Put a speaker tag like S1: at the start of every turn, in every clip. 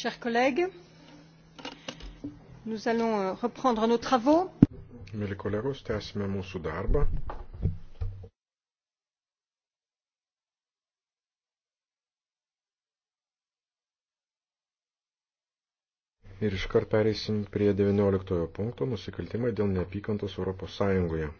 S1: chers collègues nous allons euh, reprendre nos travaux.
S2: Mėly kolegos, tęsime mūsų darbą. Ir iškart pereisim prie 19 punkto nusikaltimai dėl neapykantos Europos Sąjungoje.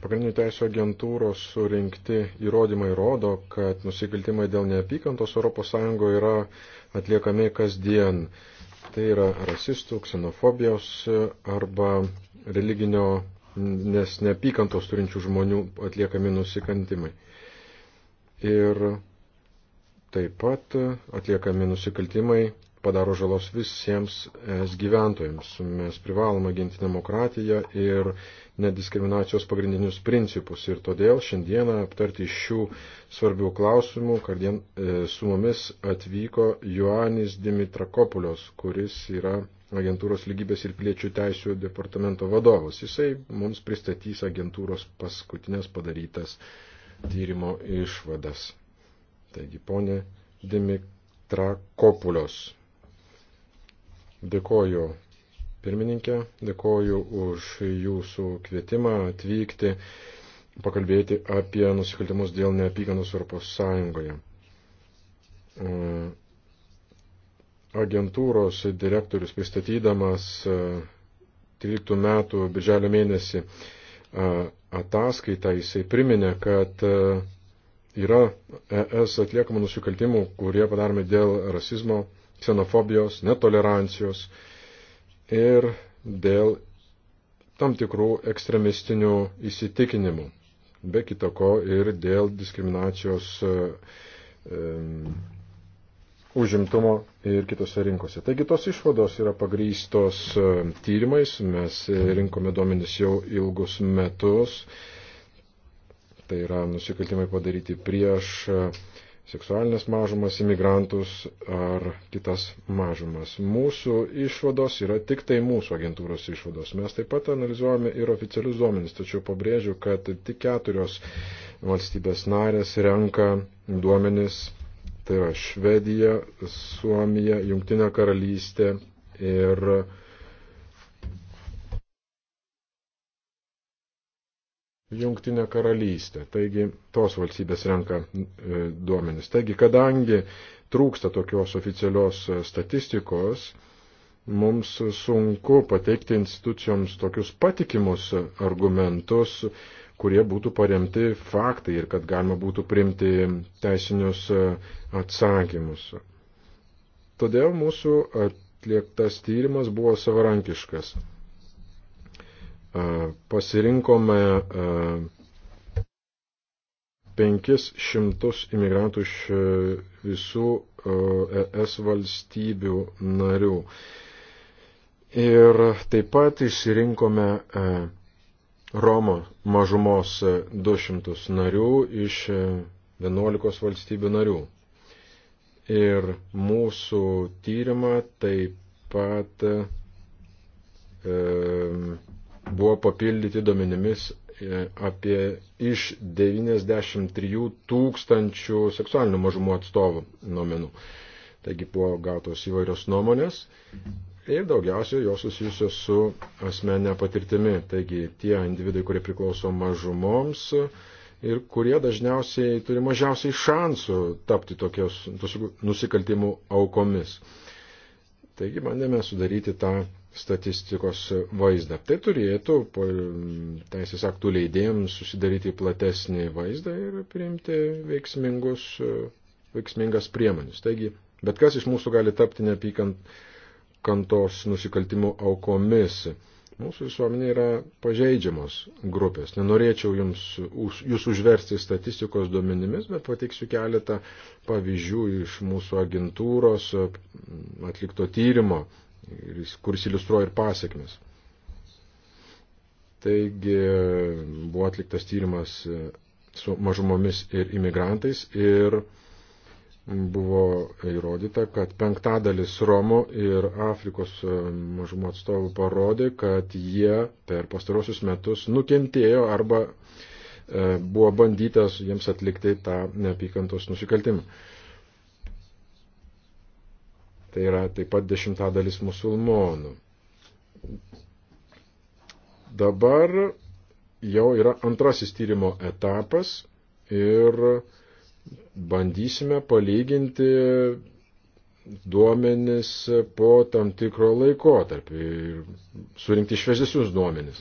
S2: Pagrindinių teisų agentūros surinkti įrodymai rodo, kad nusikaltimai dėl neapykantos ES yra atliekami kasdien. Tai yra rasistų, ksenofobijos arba religinio, nes neapykantos turinčių žmonių atliekami nusikaltimai. Ir taip pat atliekami nusikaltimai padaro žalos visiems es gyventojams. Mes privalome ginti demokratiją ir nediskriminacijos pagrindinius principus. Ir todėl šiandieną aptarti šių svarbių klausimų, kad dien, e, su mumis atvyko Joanis Dimitrakopulios, kuris yra agentūros lygybės ir piliečių teisų departamento vadovas. Jisai mums pristatys agentūros paskutinės padarytas tyrimo išvadas. Taigi, ponė Dimitrakopulios. Dėkoju pirmininkė, dėkoju už jūsų kvietimą atvykti, pakalbėti apie nusikaltimus dėl neapykantos Europos Sąjungoje. E, agentūros direktorius pristatydamas 13 e, metų birželio mėnesį e, ataskaitą jisai priminė, kad yra ES atliekamų nusikaltimų, kurie padarome dėl rasizmo, ksenofobijos, netolerancijos ir dėl tam tikrų ekstremistinių įsitikinimų, be kitako ir dėl diskriminacijos um, užimtumo ir kitose rinkose. Taigi tos išvados yra pagrystos e, tyrimais, mes rinkome duomenis jau ilgus metus, tai yra nusikaltimai padaryti prieš uh, seksualinės mažumas, imigrantus ar kitas mažumas. Mūsų išvados yra tik tai mūsų agentūros išvados. Mes taip pat analizuojame ir oficialius duomenys, tačiau pabrėžiu, kad tik keturios valstybės narės renka duomenys. Tai yra Švedija, Suomija, Jungtinė karalystė ir Jungtinę karalystę. Taigi tos valstybės renka e, duomenis. Taigi, kadangi trūksta tokios oficialios e, statistikos, mums sunku pateikti institucijoms tokius patikimus argumentus, kurie būtų paremti faktai ir kad galima būtų priimti teisinius e, atsakymus. Todėl mūsų atliektas tyrimas buvo savarankiškas. E, pasirinkome 500 e, imigrantų iš e, visų ES valstybių narių. Ir taip pat išsirinkome Romo mažumos 200 narių iš 11 valstybių narių. Ir mūsų tyrimą taip pat e, buvo papildyti domenimis e, apie iš 93 tūkstančių seksualinių mažumų atstovų nuomenų. Taigi buvo gautos įvairios nuomonės ir daugiausiai jos susijusios su asmenė patirtimi. Taigi tie individai, kurie priklauso mažumoms ir kurie dažniausiai turi mažiausiai šansų tapti tokios nusikaltimų aukomis. Taigi bandėme sudaryti tą statistikos vaizdą. Tai turėtų po teisės aktų leidėjams susidaryti platesnį vaizdą ir priimti veiksmingus, veiksmingas priemonės. Taigi, bet kas iš mūsų gali tapti neapykant kantos nusikaltimų aukomis. Mūsų visuomenė yra pažeidžiamos grupės. Nenorėčiau jums, jūs užversti statistikos duomenimis, bet pateiksiu keletą pavyzdžių iš mūsų agentūros atlikto tyrimo, kuris iliustruoja ir pasiekmes. Taigi buvo atliktas tyrimas e, su mažumomis ir imigrantais ir buvo įrodyta, kad penktadalis Romų ir Afrikos e, mažumo atstovų parodė, kad jie per pastarosius metus nukentėjo arba e, buvo bandytas jiems atlikti tą neapykantos nusikaltimą. Tai yra taip pat dešimtadalis musulmonų. Dabar jau yra antrasis tyrimo etapas ir bandysime palyginti duomenis po tam tikro laikotarpį ir surinkti šviesesnius duomenis.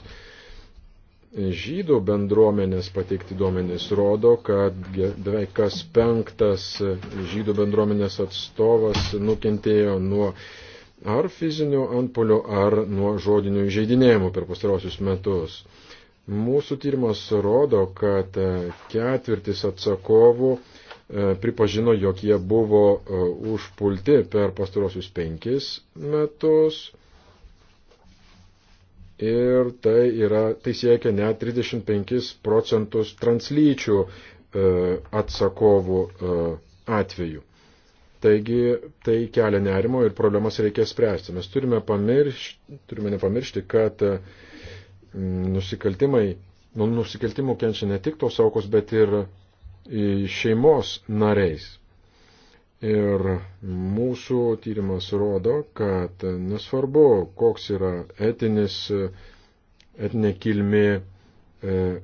S2: Žydų bendruomenės pateikti duomenys rodo, kad beveik kas penktas žydų bendruomenės atstovas nukentėjo nuo ar fizinių antpolių, ar nuo žodinių įžeidinėjimų per pastarosius metus. Mūsų tyrimas rodo, kad e, ketvirtis atsakovų e, pripažino, jog jie buvo e, užpulti per pastarosius penkis metus. Ir tai, yra, tai siekia net 35 procentus translyčių atsakovų atveju. Taigi tai kelia nerimo ir problemas reikia spręsti. Mes turime, pamiršti, turime nepamiršti, kad uh, nusikaltimai, nuo nusikaltimų kenčia ne tik tos aukos, bet ir e, šeimos nariais. Ir mūsų tyrimas rodo, kad nesvarbu, koks yra etinis, etinė kilmė e,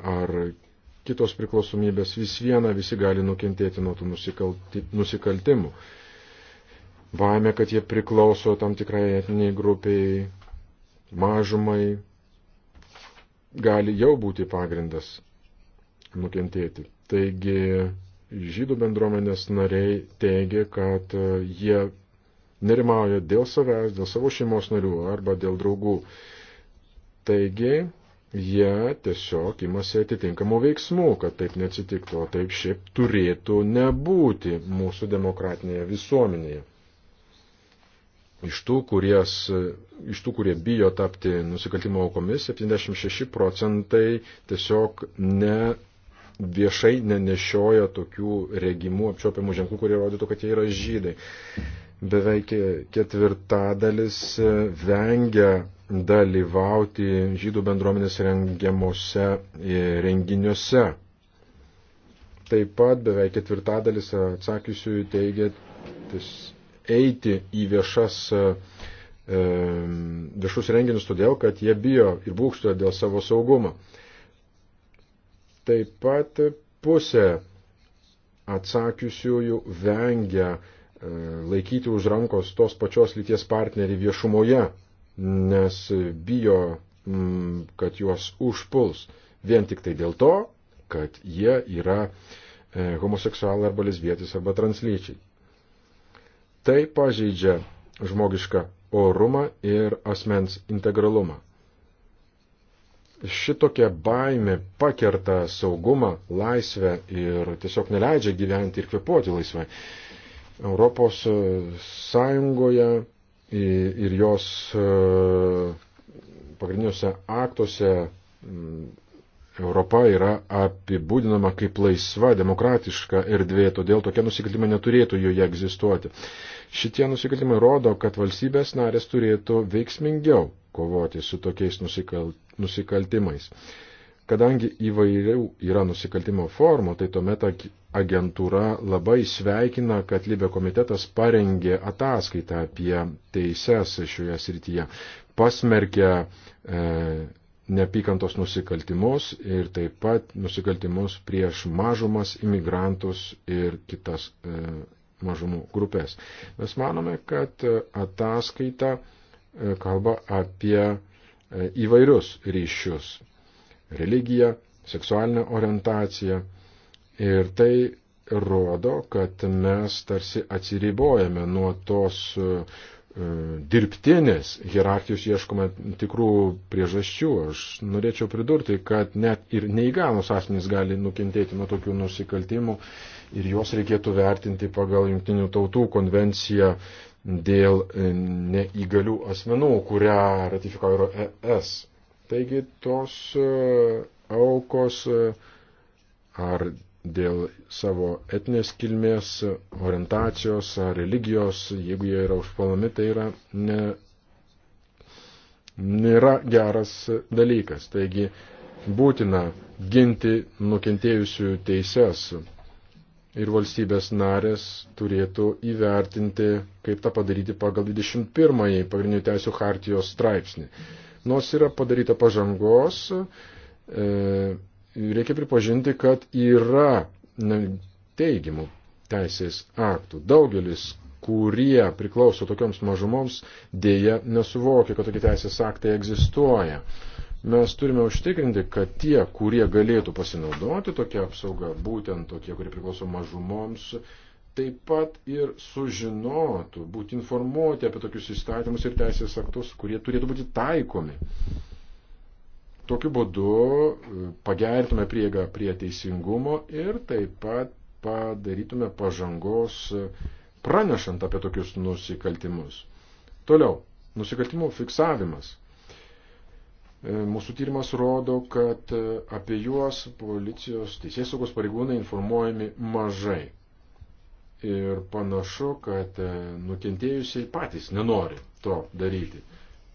S2: ar kitos priklausomybės, vis viena visi gali nukentėti nuo tų nusikaltimų. Baime, kad jie priklauso tam tikrai etiniai grupiai, mažumai, gali jau būti pagrindas nukentėti. Taigi žydų bendruomenės nariai teigia, kad e, jie nerimauja dėl savęs, dėl savo šeimos narių arba dėl draugų. Taigi jie tiesiog imasi atitinkamų veiksmų, kad taip neatsitiktų, o taip šiaip turėtų nebūti mūsų demokratinėje visuomenėje. Iš tų, kuries, iš tų, kurie bijo tapti nusikaltimo aukomis, 76 procentai tiesiog ne viešai nenešioja tokių regimų apčiopiamų ženklų, kurie rodytų, kad jie yra žydai. Beveik ketvirtadalis vengia dalyvauti žydų bendruomenės rengiamuose renginiuose. Taip pat beveik ketvirtadalis atsakysiųjų teigia, tis, eiti į viešas, e, e, viešus renginius todėl, kad jie bijo ir būkstoja dėl savo saugumo. Taip pat pusė atsakiusiųjų vengia e, laikyti už rankos tos pačios lyties partnerį viešumoje, nes bijo, mm, kad juos užpuls vien tik tai dėl to, kad jie yra homoseksualai arba lesbietis arba translyčiai. Tai pažeidžia žmogišką orumą ir asmens integralumą. Šitokia baime pakerta saugumą, laisvę ir tiesiog neleidžia gyventi ir kvepuoti laisvai. Europos e, Sąjungoje ir jos e, pagrindiniuose aktuose Europa yra apibūdinama kaip laisva, demokratiška erdvė, todėl tokie nusikaltimai neturėtų joje egzistuoti. Šitie nusikaltimai rodo, kad valstybės narės turėtų veiksmingiau kovoti su tokiais nusikal... nusikaltimais. Kadangi įvairių yra nusikaltimo formų, tai tuomet agentūra labai sveikina, kad Libė komitetas parengė ataskaitą apie teises šioje srityje, pasmerkė e, neapykantos nusikaltimus ir taip pat nusikaltimus prieš mažumas, imigrantus ir kitas e, mažumų grupės. Mes manome, kad e, ataskaita e, kalba apie e, įvairius ryšius - religiją, seksualinę orientaciją. Ir tai rodo, kad mes tarsi atsiribojame nuo tos dirbtinės hierarchijos ieškoma tikrų priežasčių. Aš norėčiau pridurti, kad net ir neįgalus asmenys gali nukentėti nuo tokių nusikaltimų ir juos reikėtų vertinti pagal Junktinių tautų konvenciją dėl e, neįgalių asmenų, kurią ratifikavo ES. Taigi tos e, aukos e, ar dėl savo etinės kilmės, orientacijos ar religijos, jeigu jie yra užpuolami, tai yra ne, nėra geras dalykas. Taigi būtina ginti nukentėjusių teises ir valstybės narės turėtų įvertinti, kaip tą padaryti pagal 21-ąjį pagrindinių teisų hartijos straipsnį. Nors yra padaryta pažangos, e, reikia pripažinti, kad yra teigiamų teisės aktų. Daugelis, kurie priklauso tokioms mažumoms, dėja nesuvokia, kad tokie teisės aktai egzistuoja. Mes turime užtikrinti, kad tie, kurie galėtų pasinaudoti tokią apsaugą, būtent tokie, kurie priklauso mažumoms, taip pat ir sužinotų, būti informuoti apie tokius įstatymus ir teisės aktus, kurie turėtų būti taikomi. Tokiu būdu e, pagerintume prieigą prie teisingumo ir taip pat padarytume pažangos e, pranešant apie tokius nusikaltimus. Toliau, nusikaltimų fiksavimas. E, mūsų tyrimas rodo, kad apie juos policijos teisės saugos pareigūnai informuojami mažai. Ir panašu, kad nukentėjusiai patys nenori to daryti.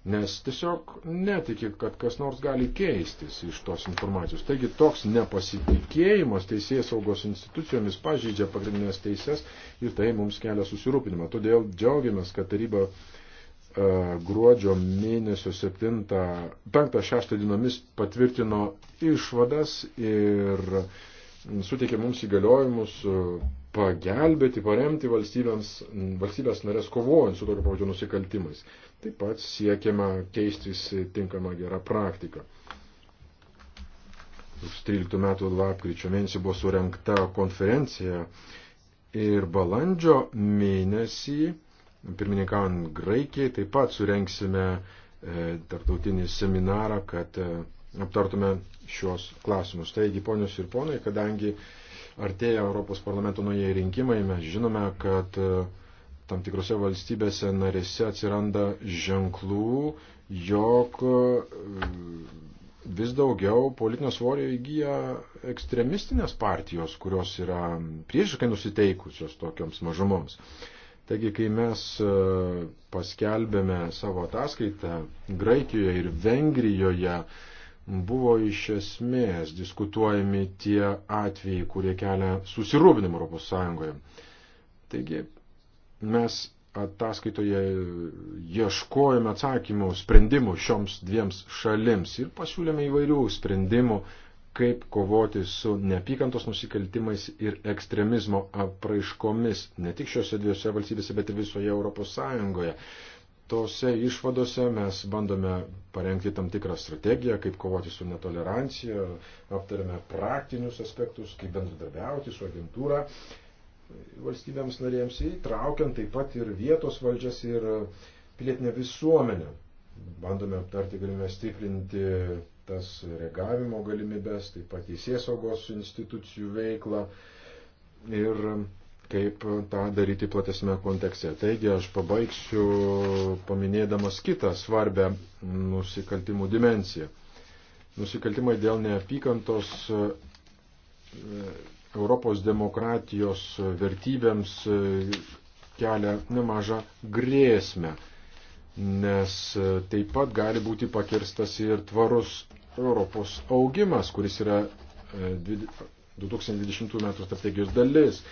S2: Nes tiesiog netiki, kad kas nors gali keistis iš tos informacijos. Taigi toks nepasitikėjimas teisėjai saugos institucijomis pažydžia pagrindinės teises ir tai mums kelia susirūpinimą. Todėl džiaugiamės, kad taryba e, gruodžio mėnesio 5-6 dienomis patvirtino išvadas ir suteikė mums įgaliojimus e, pagelbėti, paremti valstybės narės kovojant su tokio pavadžio nusikaltimais. Taip pat siekiama keistis tinkama gera praktika. 13 metų lapkričio mėnesį buvo surenkta konferencija ir balandžio mėnesį, pirmininkaujant Graikijai, taip pat surenksime e, tarptautinį seminarą, kad e, aptartume šios klausimus. Taigi, ponios ir ponai, kadangi artėja Europos parlamento nuėjai rinkimai, mes žinome, kad e, tam tikrose valstybėse narėse atsiranda ženklų, jog e, vis daugiau politinio svorio įgyja ekstremistinės partijos, kurios yra priešiškai nusiteikusios tokiams mažumoms. Taigi, kai mes e, paskelbėme savo ataskaitą Graikijoje ir Vengrijoje, buvo iš esmės diskutuojami tie atvejai, kurie kelia susirūpinimą ES. Taigi, Mes ataskaitoje ieškojame atsakymų, sprendimų šioms dviems šalims ir pasiūlėme įvairių sprendimų, kaip kovoti su neapykantos nusikaltimais ir ekstremizmo apraiškomis, ne tik šiuose dviejose valstybėse, bet ir visoje Europos Sąjungoje. Tose išvadose mes bandome parengti tam tikrą strategiją, kaip kovoti su netolerancija, aptarėme praktinius aspektus, kaip bendradarbiauti su agentūra, valstybėms narėms, įtraukiant taip pat ir vietos valdžias ir e, pilietinę visuomenę. Bandome aptarti, galime stiprinti tas reagavimo galimybės, taip pat teisėsaugos institucijų veiklą ir e, kaip tą daryti platesnėme kontekste. Taigi aš pabaigsiu paminėdamas kitą svarbę nusikaltimų dimenciją. Nusikaltimai dėl neapykantos e, Europos demokratijos vertybėms e, kelia nemažą grėsmę, nes e, taip pat gali būti pakirstas ir tvarus Europos augimas, kuris yra 2020 e, metų strategijos dalis.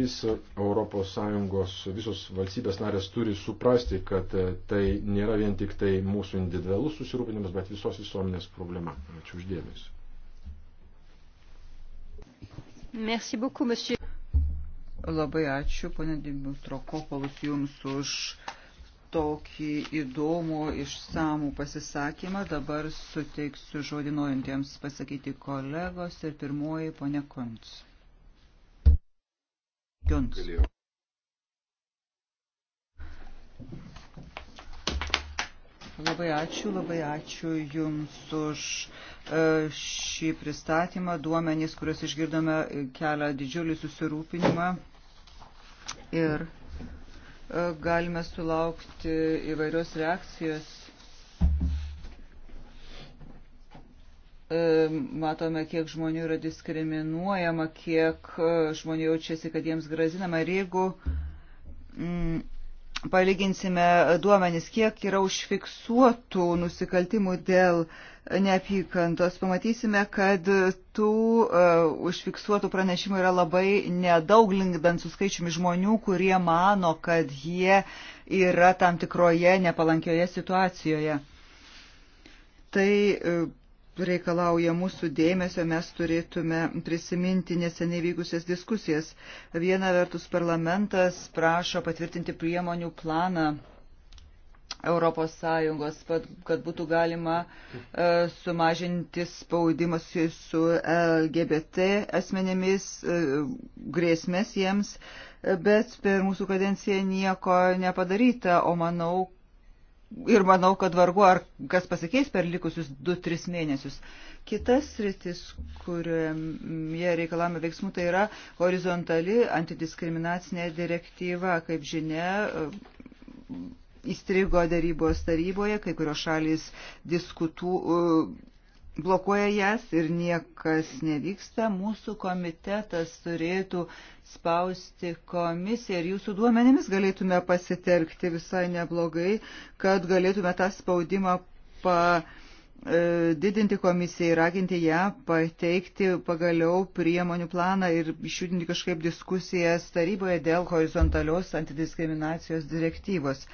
S2: Viso Europos Sąjungos, visos valstybės narės turi suprasti, kad tai nėra vien tik tai mūsų individualus susirūpinimas, bet visos visuomenės problema. Ačiū uždėmesi.
S3: Merci beaucoup, monsieur. Labai ačiū, ponė Dimitro Kopolus, jums už tokį įdomų išsamų pasisakymą. Dabar suteiksiu žodinojantiems pasakyti kolegos ir pirmoji ponė Kunts. Kunts. Labai ačiū, labai ačiū Jums už e, šį pristatymą. Duomenys, kuriuos išgirdome, kelia didžiulį susirūpinimą ir e, galime sulaukti įvairios reakcijos. E, matome, kiek žmonių yra diskriminuojama, kiek žmonių jaučiasi, kad jiems grazinama. Ir jeigu uh, palyginsime duomenis, kiek yra užfiksuotų nusikaltimų dėl neapykantos, pamatysime, kad tų uh, užfiksuotų pranešimų yra labai nedaug linkdant su skaičiumi žmonių, kurie mano, kad jie yra tam tikroje nepalankioje situacijoje. Tai uh, reikalauja mūsų dėmesio, mes turėtume prisiminti neseniai vykusias diskusijas. Viena vertus parlamentas prašo patvirtinti priemonių planą Europos Sąjungos, kad būtų galima e, sumažinti spaudimą su LGBT asmenėmis, e, grėsmės jiems, e, bet per mūsų kadenciją nieko nepadaryta, o manau, ir manau, kad vargu ar kas pasikeis per likusius 2-3 mėnesius. Kitas sritis, kurioje reikalame veiksmų, tai yra horizontali antidiskriminacinė direktyva, kaip žinia. Įstrigo darybos taryboje, kai kurios šalys diskutų, uh, blokuoja jas ir niekas nevyksta, mūsų komitetas turėtų spausti komisiją ir jūsų duomenimis galėtume pasitelkti visai neblogai, kad galėtume tą spaudimą pa E, didinti komisiją ir raginti ją pateikti pagaliau priemonių planą ir išjudinti kažkaip diskusijas taryboje dėl horizontalios antidiskriminacijos direktyvos.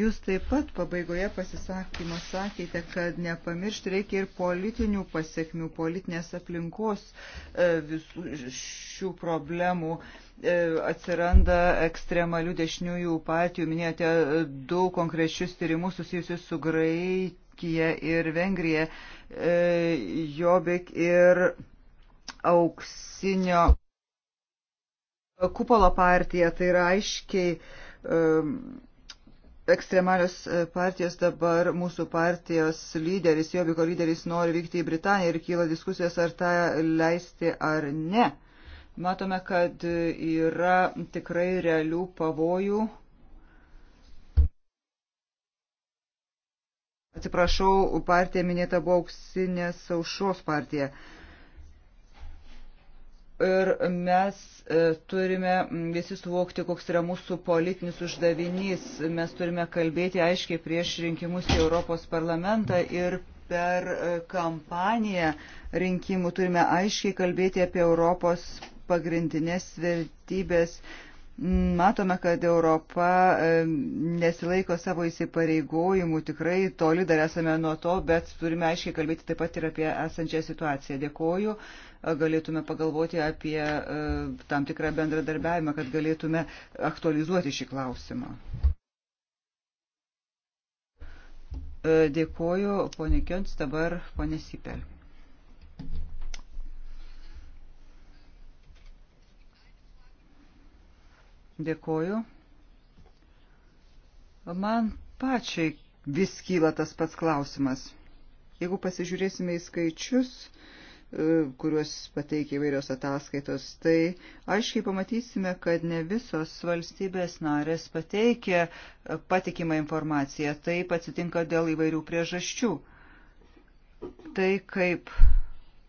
S3: Jūs taip pat pabaigoje pasisakymo sakėte, kad nepamiršti reikia ir politinių pasiekmių, politinės aplinkos e, visų šių problemų e, atsiranda ekstremalių dešiniųjų partijų. Minėjote du konkrečius tyrimus susijusius su Graikija Turkija ir Vengrija, e, Jobik ir auksinio kupolo partija, tai yra aiškiai e, ekstremalios e, partijos dabar mūsų partijos lyderis, Jobiko lyderis nori vykti į Britaniją ir kyla diskusijos, ar tą leisti ar ne. Matome, kad yra tikrai realių pavojų Atsiprašau, partija minėta buvo auksinės aušros partija. Ir mes e, turime visi suvokti, koks yra mūsų politinis uždavinys. Mes turime kalbėti aiškiai prieš rinkimus į Europos parlamentą ir per e, kampaniją rinkimų turime aiškiai kalbėti apie Europos pagrindinės vertybės. Matome, kad Europa e, nesilaiko savo įsipareigojimų, tikrai toli dar esame nuo to, bet turime aiškiai kalbėti taip pat ir apie esančią situaciją. Dėkoju, galėtume pagalvoti apie e, tam tikrą bendradarbiavimą, kad galėtume aktualizuoti šį klausimą. E, dėkoju, ponė Kions, dabar ponė Sipel. Dėkoju. Man pačiai vis kyla tas pats klausimas. Jeigu pasižiūrėsime į skaičius, e, kuriuos pateikia įvairios ataskaitos, tai aiškiai pamatysime, kad ne visos valstybės narės pateikia e, patikimą informaciją. Taip atsitinka dėl įvairių priežasčių. Tai kaip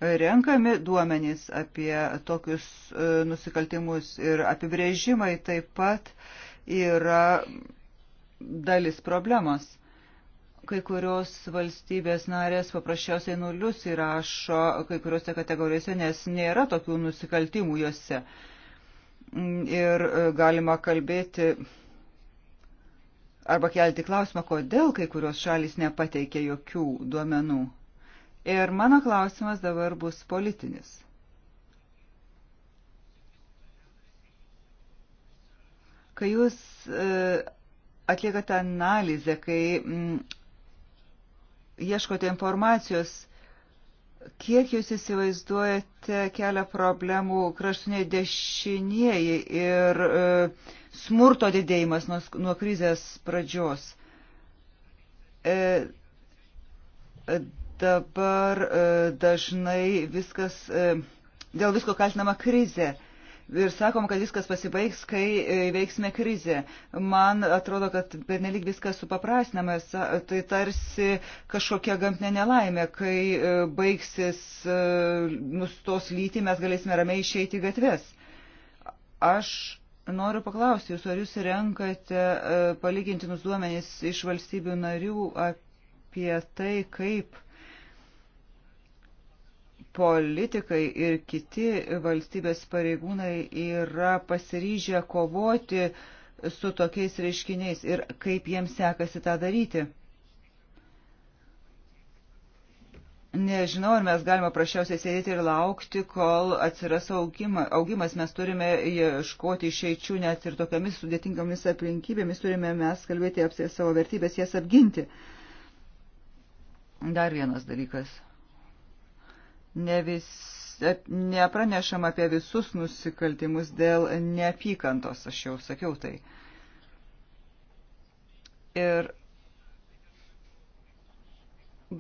S3: renkami duomenys apie tokius e, nusikaltimus ir apibrėžimai taip pat yra dalis problemos. Kai kurios valstybės narės paprasčiausiai nulius įrašo kai kuriuose kategorijose, nes nėra tokių nusikaltimų juose. Ir e, galima kalbėti arba kelti klausimą, kodėl kai kurios šalis nepateikė jokių duomenų Ir mano klausimas dabar bus politinis. Kai jūs e, atliekate analizę, kai mm, ieškote informacijos, kiek jūs įsivaizduojate kelia problemų kraštiniai dešinieji ir e, smurto didėjimas nuo, nuo krizės pradžios. E, Dabar e, dažnai viskas, e, dėl visko kaltinama krizė. Ir sakom, kad viskas pasibaigs, kai e, veiksime krizę. Man atrodo, kad pernelik viskas supaprasnama. Tai tarsi kažkokia gamtinė nelaimė, kai baigsis nustos lyti, mes galėsime ramiai išeiti į gatves. Aš Noriu paklausti jūs, ar jūs renkate palygintinus duomenys iš valstybių narių apie tai, kaip politikai ir kiti valstybės pareigūnai yra pasiryžę kovoti su tokiais reiškiniais ir kaip jiems sekasi tą daryti. Nežinau, ar mes galime prašiausiai sėdėti ir laukti, kol atsiras augimas. Mes turime ieškoti išeičių net ir tokiamis sudėtingomis aplinkybėmis, turime mes kalbėti apie savo vertybės, jas apginti. Dar vienas dalykas ne vis, e, nepranešam apie visus nusikaltimus dėl neapykantos, aš jau sakiau tai. Ir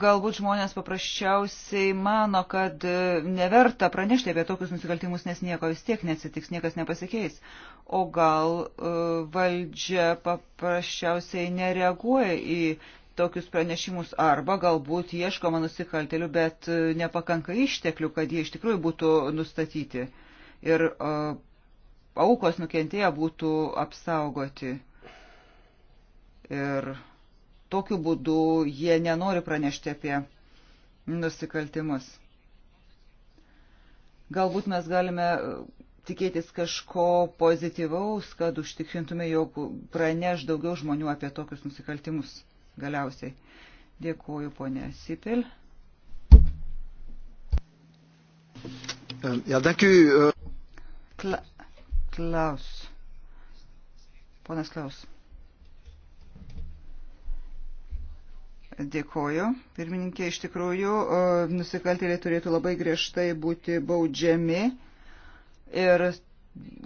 S3: galbūt žmonės paprasčiausiai mano, kad e, neverta pranešti apie tokius nusikaltimus, nes nieko vis tiek nesitiks, niekas nepasikeis. O gal e, valdžia paprasčiausiai nereaguoja į tokius pranešimus arba galbūt ieškoma nusikaltelių, bet e, nepakanka išteklių, kad jie iš tikrųjų būtų nustatyti ir uh, aukos nukentėję būtų apsaugoti. Ir tokiu būdu jie nenori pranešti apie nusikaltimus. Galbūt mes galime e, tikėtis kažko pozityvaus, kad užtikrintume, jog praneš daugiau žmonių apie tokius nusikaltimus galiausiai. Dėkuoju, ponė Sipil. Euh, ja, dėkui. Euh. Kla Klaus. Ponas Klaus. Dėkoju. Pirmininkė, iš tikrųjų, euh, nusikaltėliai turėtų labai griežtai būti baudžiami ir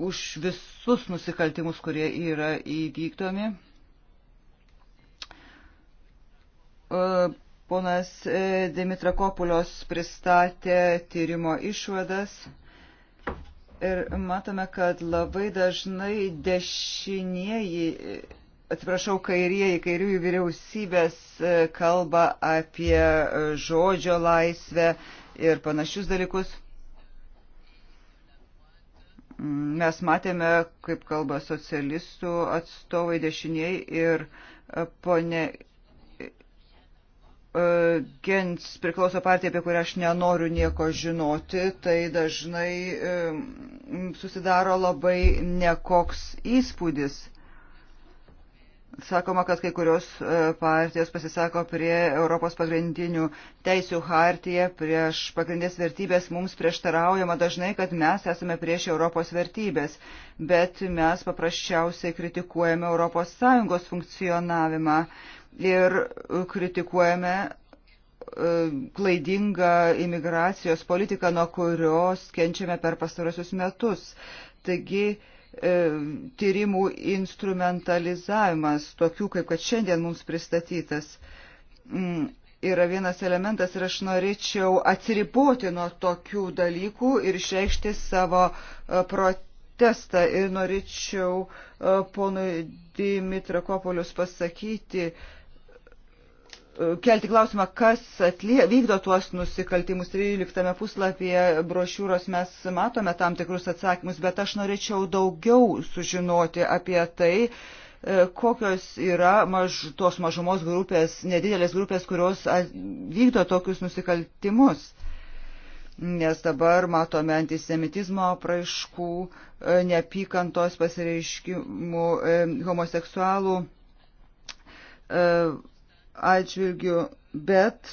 S3: už visus nusikaltimus, kurie yra įvykdomi. E, ponas e, Dimitrakopulios pristatė tyrimo išvadas ir matome, kad labai dažnai dešinieji, e, atsiprašau, kairieji, kairiųjų vyriausybės kalba apie žodžio laisvę ir panašius dalykus. Mes matėme, kaip kalba socialistų atstovai dešiniai ir ponė E, gens priklauso partija, apie kurią aš nenoriu nieko žinoti, tai dažnai e, susidaro labai nekoks įspūdis. Sakoma, kad kai kurios e, partijos pasisako prie Europos pagrindinių teisių hartiją, prieš pagrindės vertybės mums prieštaraujama dažnai, kad mes esame prieš Europos vertybės, bet mes paprasčiausiai kritikuojame Europos Sąjungos funkcionavimą ir kritikuojame e, klaidingą imigracijos politiką, nuo kurios kenčiame per pastarosius metus. Taigi, e, tyrimų instrumentalizavimas, tokių kaip kad šiandien mums pristatytas, mm, yra vienas elementas ir aš norėčiau atsiriboti nuo tokių dalykų ir išreikšti savo e, protestą. Ir norėčiau ponui Dimitrakopolius pasakyti, kelti klausimą, kas atlie, vykdo tuos nusikaltimus. 13 puslapyje brošiūros mes matome tam tikrus atsakymus, bet aš norėčiau daugiau sužinoti apie tai, e, kokios yra maž, tos mažumos grupės, nedidelės grupės, kurios vykdo tokius nusikaltimus. Nes dabar matome antisemitizmo praaiškų, e, neapykantos pasireiškimų, e, homoseksualų atžvilgių, bet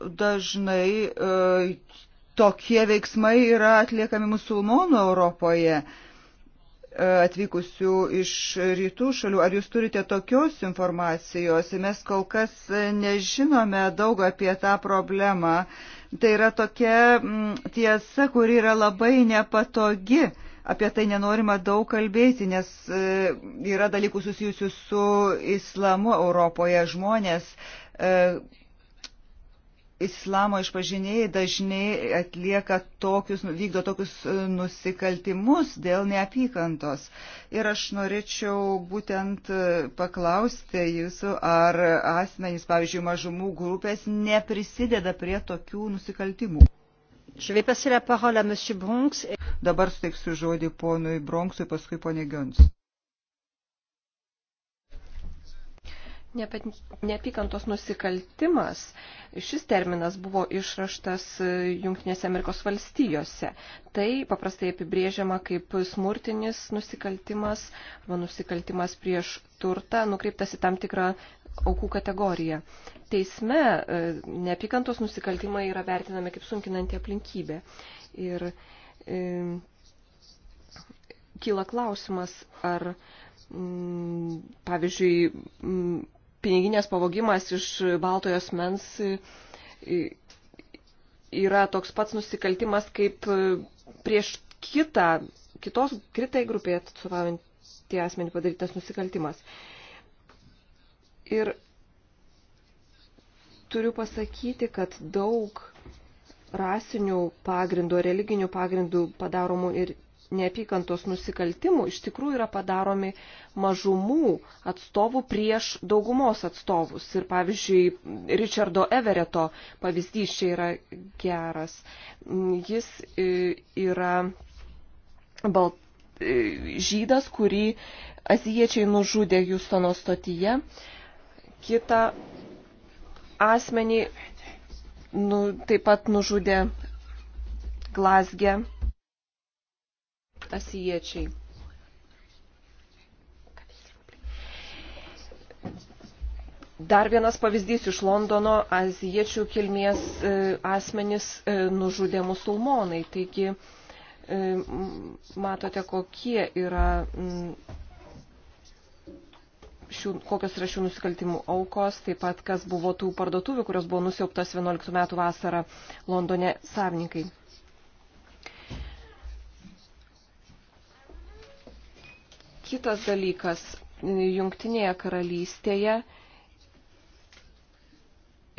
S3: dažnai e, tokie veiksmai yra atliekami musulmonų Europoje e, atvykusių iš rytų šalių. Ar jūs turite tokios informacijos? Mes kol kas nežinome daug apie tą problemą. Tai yra tokia m, tiesa, kuri yra labai nepatogi apie tai nenorima daug kalbėti, nes e, yra dalykų susijusių su islamu Europoje. Žmonės e, islamo išpažinėjai dažnai atlieka tokius, vykdo tokius e, nusikaltimus dėl neapykantos. Ir aš norėčiau būtent paklausti jūsų, ar asmenys, pavyzdžiui, mažumų grupės neprisideda prie tokių nusikaltimų. Dabar suteiksiu žodį ponui Bronksui, paskui ponė Gions.
S1: Neapykantos nusikaltimas, šis terminas buvo išraštas e, Junktinėse Amerikos valstijose. Tai paprastai apibrėžiama kaip smurtinis nusikaltimas arba nusikaltimas prieš turtą, nukreiptas į tam tikrą aukų kategoriją. Teisme e, neapykantos nusikaltimai yra vertinami kaip sunkinanti aplinkybė. Ir e, kyla klausimas, ar, m, mm, pavyzdžiui, m, mm, piniginės pavogimas iš baltojo smens e, yra toks pats nusikaltimas kaip e, prieš kitą, kitos, kitai grupėje atstovaujant tie asmenį padarytas nusikaltimas. E, Ir turiu pasakyti, kad daug rasinių pagrindų, religinių pagrindų padaromų ir neapykantos nusikaltimų iš tikrųjų yra padaromi mažumų atstovų prieš daugumos atstovus. Ir pavyzdžiui, Richardo Evereto pavyzdys čia yra geras. Jis e, yra balt, e, žydas, kurį azijiečiai nužudė Justono stotyje. Uh, kitą asmenį nu, taip pat nužudė Glasge asijiečiai. Dar vienas pavyzdys iš Londono aziečių kilmės e, asmenys e, nužudė musulmonai. Taigi e, matote, kokie yra m, šių, kokios yra šių nusikaltimų aukos, taip pat kas buvo tų parduotuvių, kurios buvo nusiauptas 11 metų vasarą Londone savininkai. Kitas dalykas, jungtinėje karalystėje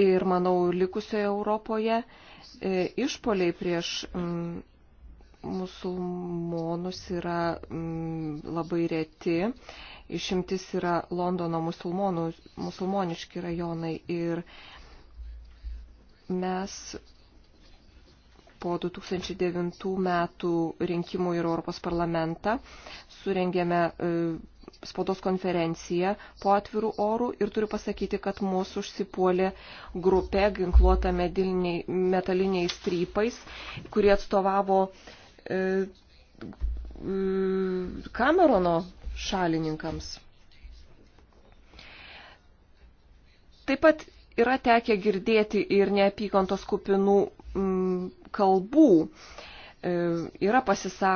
S1: ir, manau, likusioje Europoje e, išpoliai prieš mm, musulmonus yra mm, labai reti Išimtis yra Londono musulmonų, musulmoniški rajonai ir mes po 2009 metų rinkimų ir Europos parlamentą surengėme e, spaudos konferenciją po atvirų orų ir turiu pasakyti, kad mūsų užsipuolė grupė ginkluota metaliniais strypais, kurie atstovavo Kamerono e, e, šalininkams. Taip pat yra tekę girdėti ir neapykantos kupinų m, mm, kalbų. E, yra pasisa,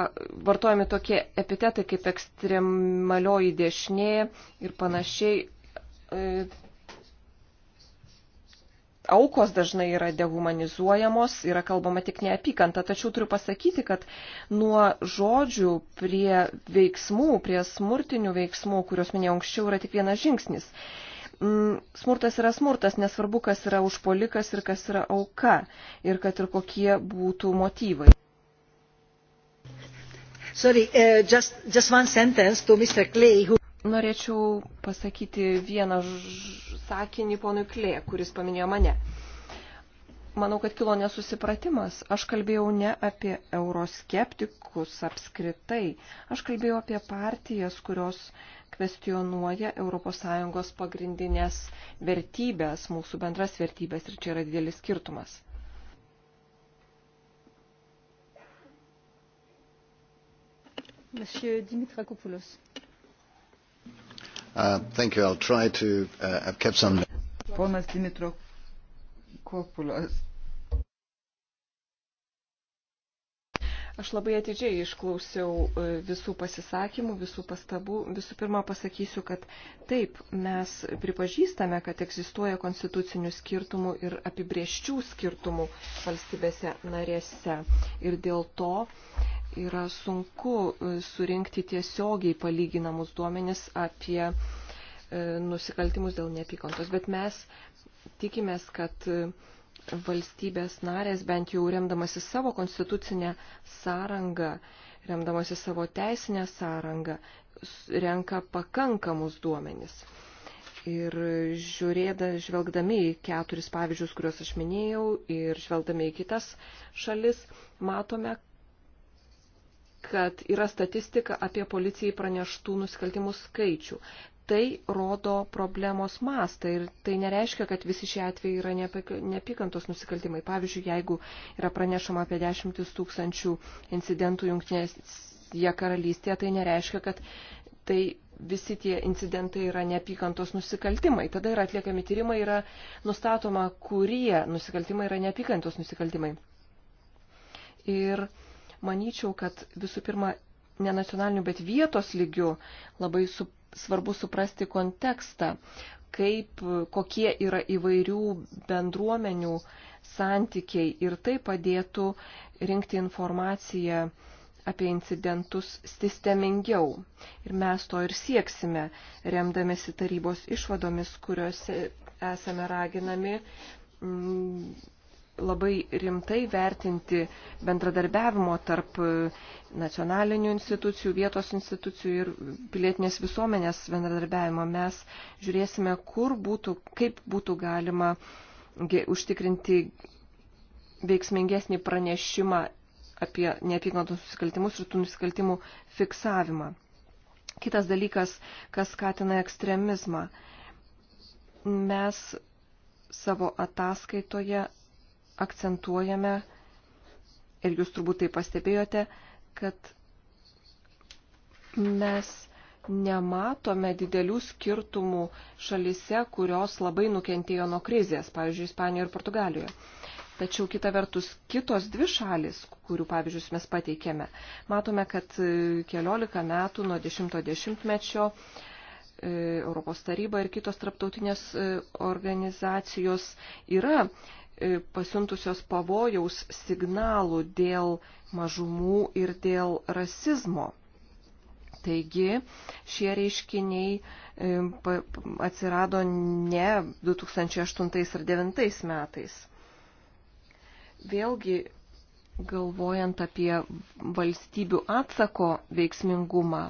S1: vartojami tokie epitetai kaip ekstremalioji dešinė ir panašiai. E, aukos dažnai yra dehumanizuojamos, yra kalbama tik neapykanta, tačiau turiu pasakyti, kad nuo žodžių prie veiksmų, prie smurtinių veiksmų, kuriuos minėjau anksčiau, yra tik vienas žingsnis. Mm, smurtas yra smurtas, nesvarbu, kas yra užpolikas ir kas yra auka, ir kad ir kokie būtų motyvai. Sorry, uh, just, just one sentence to Mr. Clay, who... Norėčiau pasakyti vieną sakinį ponui Klė, kuris paminėjo mane. Manau, kad kilo nesusipratimas. Aš kalbėjau ne apie euroskeptikus apskritai. Aš kalbėjau apie partijas, kurios kvestionuoja ES pagrindinės vertybės, mūsų bendras vertybės ir čia yra didelis skirtumas. Monsieur Dimitrakopoulos.
S3: Uh, thank
S2: you. I'll try to. Uh, I've kept some.
S3: Ponas Dimitro Kopulas.
S1: Aš labai atidžiai išklausiau e, visų pasisakymų, visų pastabų. Visų pirma, pasakysiu, kad taip, mes pripažįstame, kad egzistuoja konstitucinių skirtumų ir apibrieščių skirtumų valstybėse narėse. Ir dėl to yra sunku e, surinkti tiesiogiai palyginamus duomenis apie e, nusikaltimus dėl neapykantos. Bet mes tikimės, kad valstybės narės, bent jau remdamasi savo konstitucinę sąrangą, remdamasi savo teisinę sąrangą, renka pakankamus duomenis. Ir žiūrėda, žvelgdami į keturis pavyzdžius, kuriuos aš minėjau, ir žvelgdami į kitas šalis, matome, kad yra statistika apie policijai praneštų nusikaltimų skaičių tai rodo problemos mastą ir tai nereiškia, kad visi šie atvejai yra neapykantos nusikaltimai. Pavyzdžiui, jeigu yra pranešama apie dešimtis tūkstančių incidentų jungtinėje karalystėje, tai nereiškia, kad tai visi tie incidentai yra neapykantos nusikaltimai. Tada yra atliekami tyrimai, yra nustatoma, kurie nusikaltimai yra neapykantos nusikaltimai. Ir manyčiau, kad visų pirma, ne nacionaliniu, bet vietos lygiu labai su svarbu suprasti kontekstą, kaip, kokie yra įvairių bendruomenių santykiai ir tai padėtų rinkti informaciją apie incidentus sistemingiau. Ir mes to ir sieksime, remdamėsi tarybos išvadomis, kuriuose esame raginami mm, labai rimtai vertinti bendradarbiavimo tarp e, nacionalinių institucijų, vietos institucijų ir pilietinės visuomenės bendradarbiavimo. Mes žiūrėsime, kur būtų, kaip būtų galima užtikrinti veiksmingesnį pranešimą apie neapykantos nusikaltimus ir tų nusikaltimų fiksavimą. Kitas dalykas, kas skatina ekstremizmą. Mes savo ataskaitoje akcentuojame, ir jūs turbūt tai pastebėjote, kad mes nematome didelių skirtumų šalise, kurios labai nukentėjo nuo krizės, pavyzdžiui, Ispanijoje ir Portugalijoje. Tačiau kita vertus, kitos dvi šalis, kurių pavyzdžius mes pateikėme, matome, kad e, keliolika metų nuo 10-mečio e, Europos taryba ir kitos traptautinės e, organizacijos yra E, pasiuntusios pavojaus signalų dėl mažumų ir dėl rasizmo. Taigi šie reiškiniai e, atsirado ne 2008 ir 2009 metais. Vėlgi, galvojant apie valstybių atsako veiksmingumą,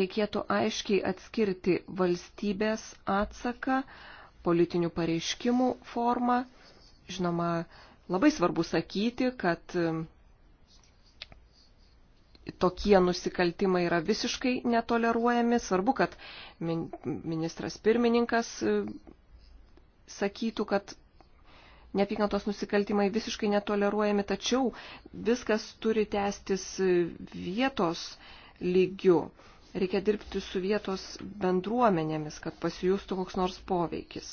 S1: reikėtų aiškiai atskirti valstybės atsaką politinių pareiškimų forma. Žinoma, labai svarbu sakyti, kad um, tokie nusikaltimai yra visiškai netoleruojami. Svarbu, kad ministras pirmininkas um, sakytų, kad neapykantos nusikaltimai visiškai netoleruojami, tačiau viskas turi tęstis um, vietos lygiu. Reikia dirbti su vietos bendruomenėmis, kad pasijūstų koks nors poveikis.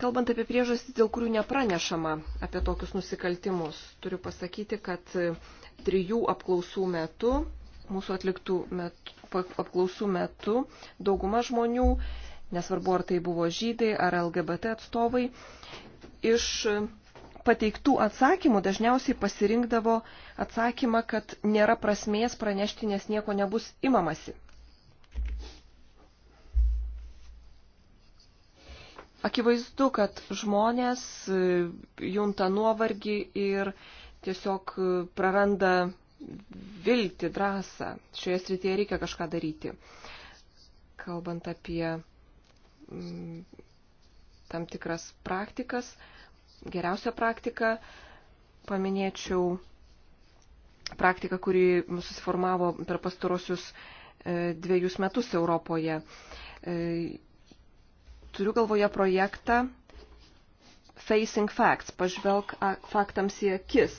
S1: Kalbant apie priežastį, dėl kurių nepranešama apie tokius nusikaltimus, turiu pasakyti, kad trijų apklausų metu, mūsų atliktų metu, apklausų metu, dauguma žmonių, nesvarbu ar tai buvo žydai ar LGBT atstovai, iš pateiktų atsakymų dažniausiai pasirinkdavo atsakymą, kad nėra prasmės pranešti, nes nieko nebus imamasi. Akivaizdu, kad žmonės e, junta nuovargį ir tiesiog e, praranda viltį, drąsą. Šioje srityje reikia kažką daryti. Kalbant apie mm, tam tikras praktikas, geriausią praktiką. Paminėčiau praktiką, kuri susiformavo per pastarosius e, dviejus metus Europoje. E, turiu galvoje projektą Facing Facts, pažvelk faktams į akis.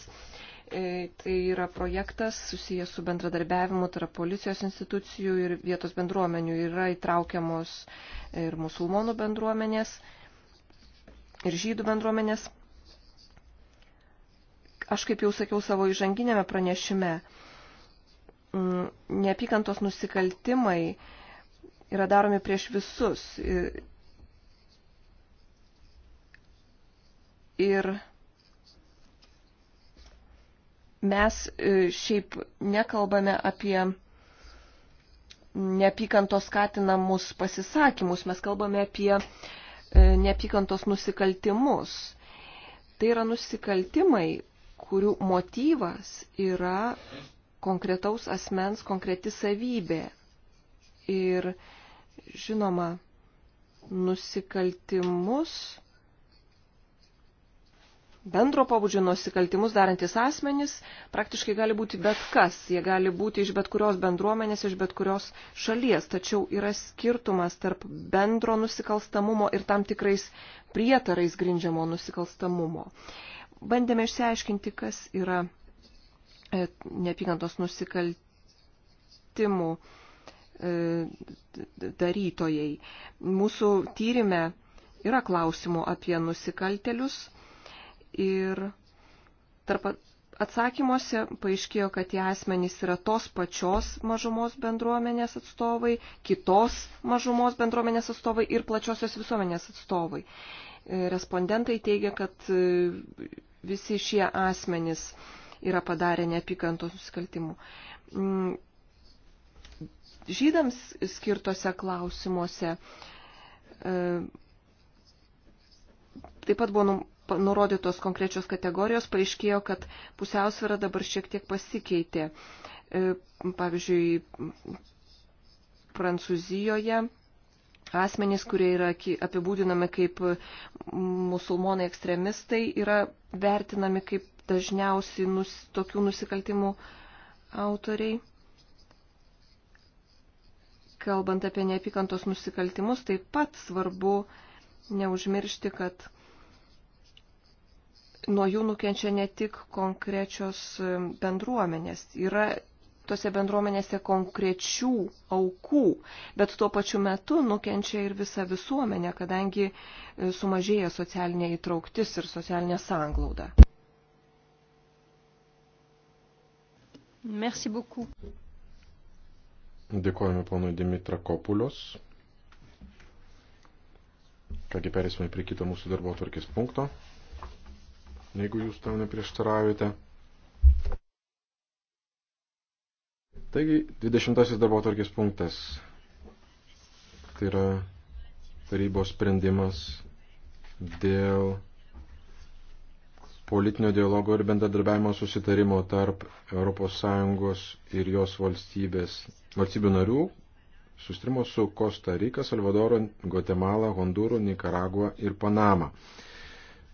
S1: E, tai yra projektas susijęs su bendradarbiavimu tarp policijos institucijų ir vietos bendruomenių. Yra įtraukiamos ir musulmonų bendruomenės ir žydų bendruomenės. Aš kaip jau sakiau savo įžanginėme pranešime, mm, neapykantos nusikaltimai yra daromi prieš visus. Ir, ir mes e, šiaip nekalbame apie neapykantos skatinamus pasisakymus, mes kalbame apie uh, E, neapykantos nusikaltimus. Tai yra nusikaltimai, kurių motyvas yra konkretaus asmens konkreti savybė. Ir žinoma, nusikaltimus bendro pobūdžio nusikaltimus darantis asmenys praktiškai gali būti bet kas. Jie gali būti iš bet kurios bendruomenės, iš bet kurios šalies. Tačiau yra skirtumas tarp bendro nusikalstamumo ir tam tikrais prietarais grindžiamo nusikalstamumo. Bandėme išsiaiškinti, kas yra e, neapykantos nusikaltimų e, darytojai. Mūsų tyrime yra klausimų apie nusikaltelius ir tarp atsakymuose paaiškėjo, kad tie asmenys yra tos pačios mažumos bendruomenės atstovai, kitos mažumos bendruomenės atstovai ir plačiosios visuomenės atstovai. E, respondentai teigia, kad e, visi šie asmenys yra padarę neapykantos nusikaltimų. Mm, žydams skirtose klausimuose e, taip pat buvo nurodytos konkrečios kategorijos, paaiškėjo, kad pusiausvėra dabar šiek tiek pasikeitė. E, pavyzdžiui, Prancūzijoje asmenys, kurie yra apibūdinami kaip musulmonai ekstremistai, yra vertinami kaip dažniausiai nus, tokių nusikaltimų autoriai. Kalbant apie neapykantos nusikaltimus, taip pat svarbu neužmiršti, kad nuo jų nukenčia ne tik konkrečios e, bendruomenės. Yra tose bendruomenėse konkrečių aukų, bet tuo pačiu metu nukenčia ir visa visuomenė, kadangi e, sumažėja socialinė įtrauktis ir socialinė sanglauda. Merci beaucoup.
S2: Dėkojame ponui Dimitra Kopulios. Kągi perėsime prie kito mūsų darbo tvarkės punkto jeigu jūs tam neprieštaraujate. Taigi, 20 darbo tvarkės punktas. Tai yra tarybos sprendimas dėl politinio dialogo ir bendradarbiavimo susitarimo tarp ES ir jos valstybės, valstybių narių, sustrimo su Kosta Rika, Salvadoro, Guatemala, Hondūru, Nikaragua ir Panama.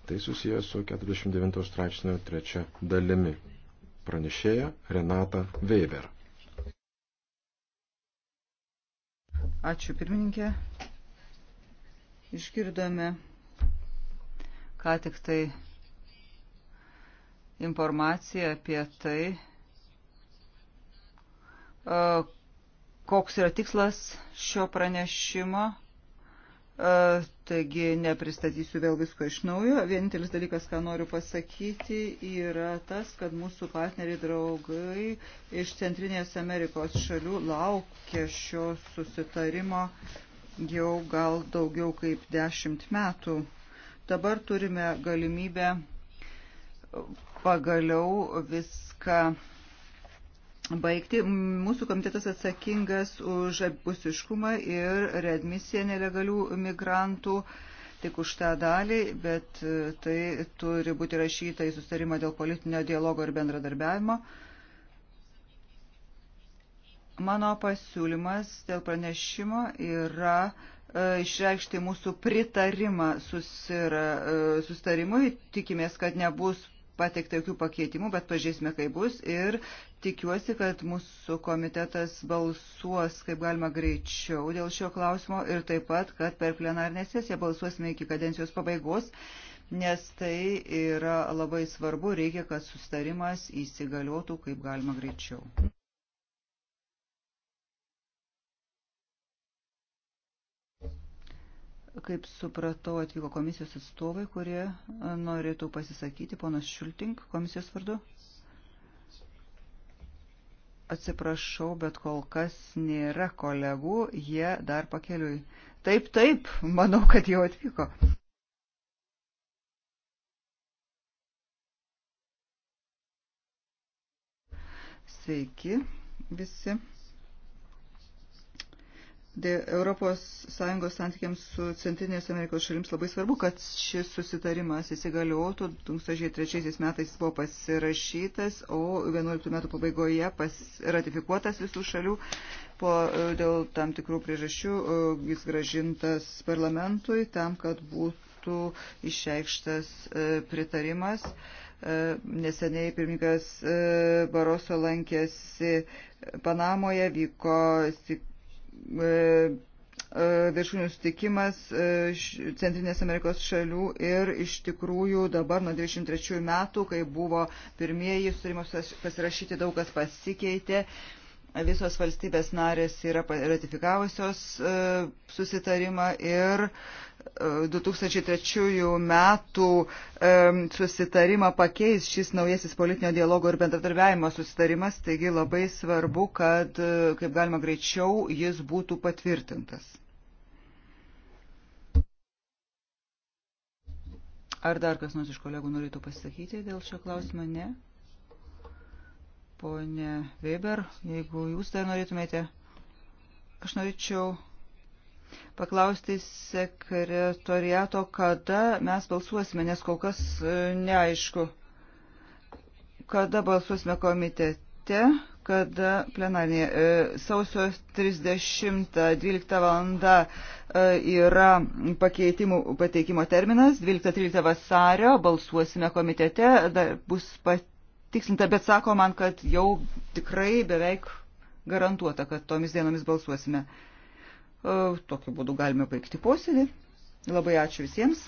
S2: Tai susijęs su 49 straipsnio trečia dalimi. Pranešėja Renata Weber.
S3: Ačiū pirmininkė. Išgirdome ką tik tai informaciją apie tai, koks yra tikslas šio pranešimo taigi nepristatysiu vėl visko iš naujo. Vienintelis dalykas, ką noriu pasakyti, yra tas, kad mūsų partneriai draugai iš Centrinės Amerikos šalių laukia šio susitarimo jau gal daugiau kaip dešimt metų. Dabar turime galimybę pagaliau viską baigti. Mūsų komitetas atsakingas už abipusiškumą ir readmisiją nelegalių migrantų tik už tą dalį, bet e, tai turi būti rašyta į sustarimą dėl politinio dialogo ir bendradarbiavimo. Mano pasiūlymas dėl pranešimo yra e, išreikšti mūsų pritarimą susira, e, sustarimui. Tikimės, kad nebus pateikta jokių pakeitimų, bet pažiūrėsime, kaip bus ir tikiuosi, kad mūsų komitetas balsuos kaip galima greičiau dėl šio klausimo ir taip pat, kad per plenarinę sesiją balsuosime iki kadencijos pabaigos, nes tai yra labai svarbu, reikia, kad sustarimas įsigaliotų kaip galima greičiau. Kaip supratau, atvyko komisijos atstovai, kurie e, norėtų pasisakyti. Ponas Šulting, komisijos vardu. Atsiprašau, bet kol kas nėra kolegų, jie dar pakeliui. Taip, taip, manau, kad jau atvyko. Sveiki visi. ES santykiams su Centrinės Amerikos šalims labai svarbu, kad šis susitarimas įsigaliotų. 2003 metais buvo pasirašytas, o 2011 metų pabaigoje pas, ratifikuotas visų šalių. Po, e, dėl tam tikrų priežasčių e, jis gražintas parlamentui tam, kad būtų išreikštas e, pritarimas neseniai pirmininkas Baroso lankėsi Panamoje, vyko E, e, viršūnių sutikimas e, Centrinės Amerikos šalių ir iš tikrųjų dabar nuo 23 metų, kai buvo pirmieji sutarimas pasirašyti, daug kas pasikeitė. Visos valstybės narės yra ratifikavusios e, susitarimą ir 2003 e, metų e, susitarimą pakeis šis naujasis politinio dialogo ir bendradarbiavimo susitarimas, taigi labai svarbu, kad kaip galima greičiau jis būtų patvirtintas. Ar dar kas nors iš kolegų norėtų pasakyti dėl šio klausimo? Ne. Pone Weber, jeigu jūs dar norėtumėte, aš norėčiau paklausti sekretoriato, kada mes balsuosime, nes kol kas e, neaišku, kada balsuosime komitete, kada plenarnė. E, sausio 30-12 valanda e, yra pakeitimų pateikimo terminas, 12-13 vasario balsuosime komitete, bus pat tikslinta, bet sako man, kad jau tikrai beveik garantuota, kad tomis dienomis balsuosime. E, tokiu būdu galime baigti posėdį. Labai ačiū visiems.